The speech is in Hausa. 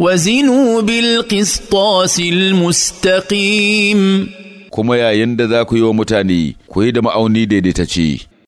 وزنوا بالقسطاس المستقيم kuma yayin da za ku yi wa mutane ku yi da ma'auni daidaitacce